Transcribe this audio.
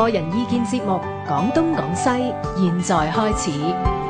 個人意見節目《講東講西》，現在開始。